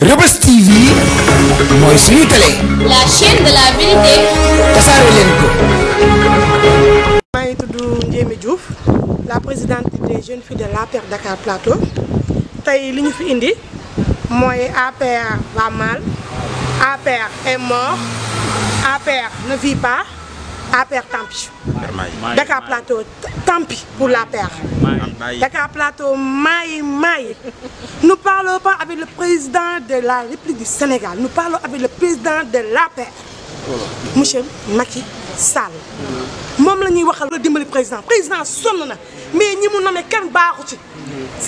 TV la chaîne de la vérité. la présidente des jeunes filles de l'APER Dakar Plateau va mal APR est mort APR ne vit pas. Aper tant pis Dakar Plateau tant pis pour paix. Dakar Plateau maï maï nous parlons pas avec le président de la République du Sénégal nous parlons avec le président de la paix. monsieur Macky Sall Même la ñuy waxal la le président président sonn mais ñi mu nommé C'est baaxu ci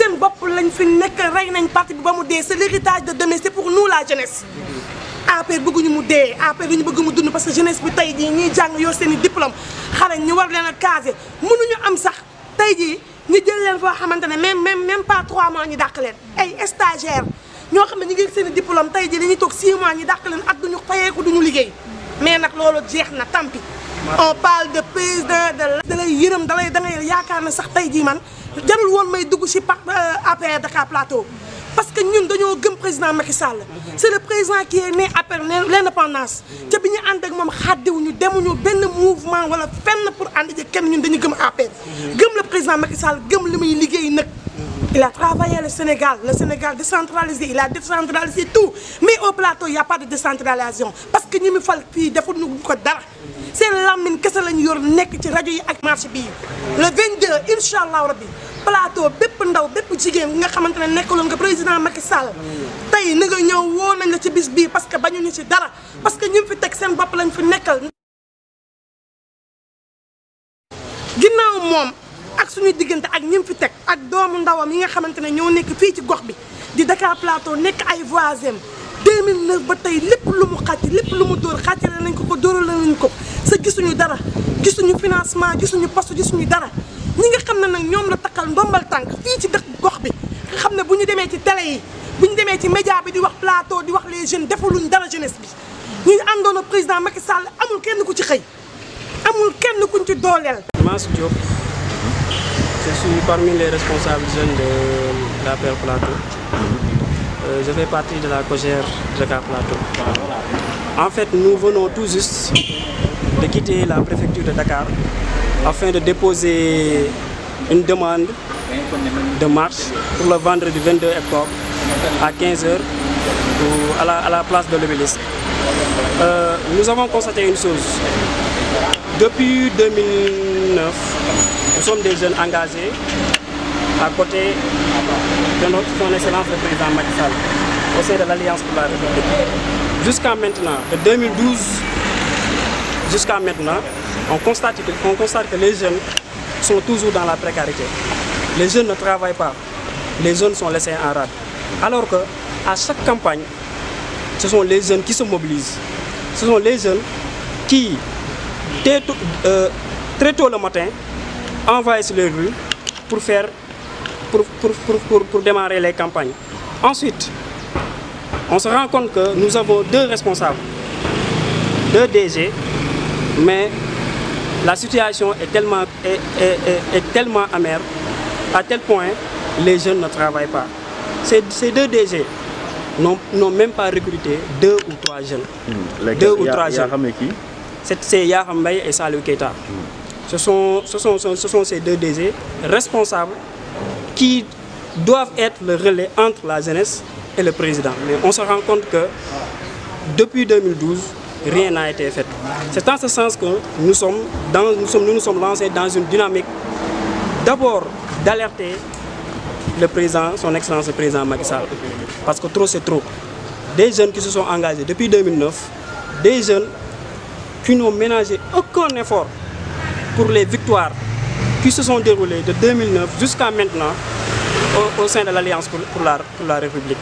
seen bopp lañ fi nekk rey nañ parti bi mu c'est l'héritage de demain c'est pour nous la jeunesse APR bëgguñu mu dee APR ñu bëgg mu dund parce que jeunesse bi tey jii ñuy jàng yoo seen i diplôme xale ñu war leen a caser mënuñu am sax tey jii ñu jël leen foo xamante ne même même même pas 3 mois ñu dàq leen ay ñoo xam ne ñu ngi seen i diplôme tey jii dañuy toog 6 mois ñu dàq leen at duñu fayeeku duñu liggéey mais nag loolu jeex na tampi on parle de président de da lay yërëm da lay da yaakaar ne sax tey jii man jarul woon may dugg si pa euh, APR Dakar Plateau parce que ñun dañoo gëm président Macky Sall. c'est le président qui est né après l'indépendance. indépendance. te bi ñu ànd ak moom xàddiwuñu demuñu benn mouvement wala fenn pour ànd ak kenn ñun dañu gëm APR. gëm le président Macky Sall gëm li muy liggéey il a travaillé le Sénégal le Sénégal décentralisé il a décentralisé tout mais au plateau il y a pas de décentralisation parce que nous, mu fal fii defuñu ko dara. seen làmmiñ kese lañ yor nekk ci rajo yi ak marché bii le 22 incha allahu rabbi plateau bépp ndaw bépp jigéen nga xamante ne nekkaloon nga président Macky Sall tey na nga ñëw woo nañ la ci bis bii parce que bañu ñu ci dara parce que ñu fi teg seen bopp lañ fi nekkal ginnaaw moom ak suñu diggante ak ñim fi teg ak doomu ndawam yi nga xamante ne ñëw nekk fii ci gox bi di Dakar Plateau nekk ay voisins 2009 ba tey lépp lu mu xacc lépp lu mu dóor xàcc nañ ko ko dóoral nañ ko gisuñu dara gisuñu financement gisuñu poste gisuñu dara ñi nga xam nak ñom la takal ndombal tank fi ci dëkk gox bi nga buñu démé ci télé yi buñu démé ci média bi di wax plateau di wax les jeunes defaluñ dara jeunesse bi ñi àndoon président Macky Sall amul kenn ku ci xey amul kenn kuñ ci dooleel. Mass Diop je suis parmi les responsables jeunes de la paire plateau euh, je fais partie de la COGER Dakar Plateau en fait nous venons tout juste de quitter la préfecture de Dakar afin de déposer une demande de marche pour le vendredi 22 octobre à 15h à la, à la, place de l'obélisque. Euh, nous avons constaté une chose. Depuis 2009, nous sommes des jeunes engagés à côté de notre son excellence le président Macky au sein de l'Alliance pour la République. Jusqu'à maintenant, de 2012 jusqu'à maintenant, on constate, que, constate que les jeunes sont toujours dans la précarité. Les jeunes ne travaillent pas, les jeunes sont laissés en rade. Alors que à chaque campagne, ce sont les jeunes qui se mobilisent. Ce sont les jeunes qui, euh, très tôt le matin, envahissent les rues pour, faire, pour, pour démarrer les campagnes. Ensuite, on se rend compte que nous avons deux responsables, deux DG mais la situation est tellement, est, tellement amère, à tel point les jeunes ne travaillent pas. Ces, deux DG n'ont même pas recruté deux ou trois jeunes. Hmm. Deux ou trois jeunes. C'est Mbeye et Salou Keita. Hmm. Ce, sont, sont, ce sont ces deux DG responsables qui doivent être le relais entre la jeunesse et le président. Mais on se rend compte que depuis 2012, rien n'a été fait. C'est en ce sens que nous sommes, nous, sommes, nous, sommes lancés dans une dynamique d'abord d'alerter le président, son excellence le président Macky Parce que trop c'est trop. Des jeunes qui se sont engagés depuis 2009, des jeunes qui n'ont ménagé aucun effort pour les victoires qui se sont déroulées de 2009 jusqu'à maintenant au, sein de l'Alliance pour la République.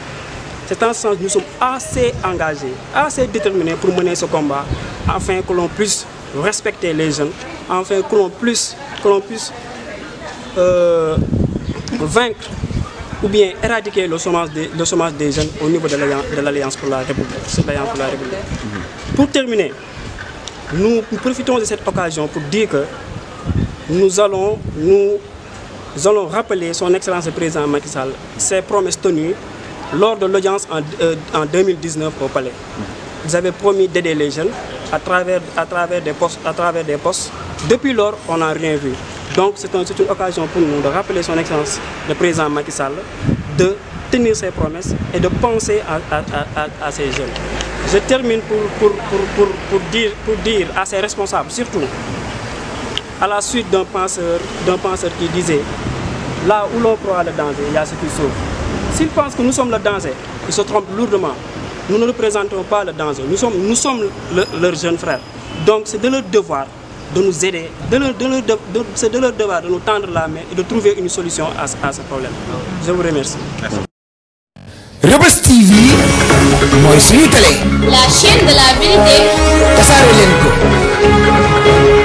C'est en sens que nous sommes assez engagés, assez déterminés pour mener ce combat, afin que l'on puisse respecter les jeunes, afin que l'on puisse, puisse euh, vaincre ou bien éradiquer le chômage, des, des jeunes au niveau de l'Alliance pour la République. Mhm. Pour, terminer, nous profitons de cette occasion pour dire que nous allons, nous allons rappeler son Excellence le Président Macky Sall, ses promesses tenues lors de l'audience en, 2019 euh, au Palais. vous mhm. avez promis d'aider les jeunes à travers, à, travers des postes, Depuis lors, on n'a rien vu. Donc c'est une occasion pour nous de rappeler son excellence, le président Macky Sall, de tenir ses promesses et de penser à, ces jeunes. Je termine pour, pour, dire, pour dire à ses responsables, surtout à la suite d'un penseur, penseur qui disait « Là où l'on croit le danger, il y a ce qui sauve ». S'ils pensent que nous sommes le danger, ils se trompent lourdement. Nous ne représentons pas le danger, nous sommes, nous sommes leurs jeunes frères. Donc c'est de leur devoir de nous aider, de c'est de leur devoir de nous tendre la main et de trouver une solution à, ce problème. Je vous remercie. La chaîne de la vérité.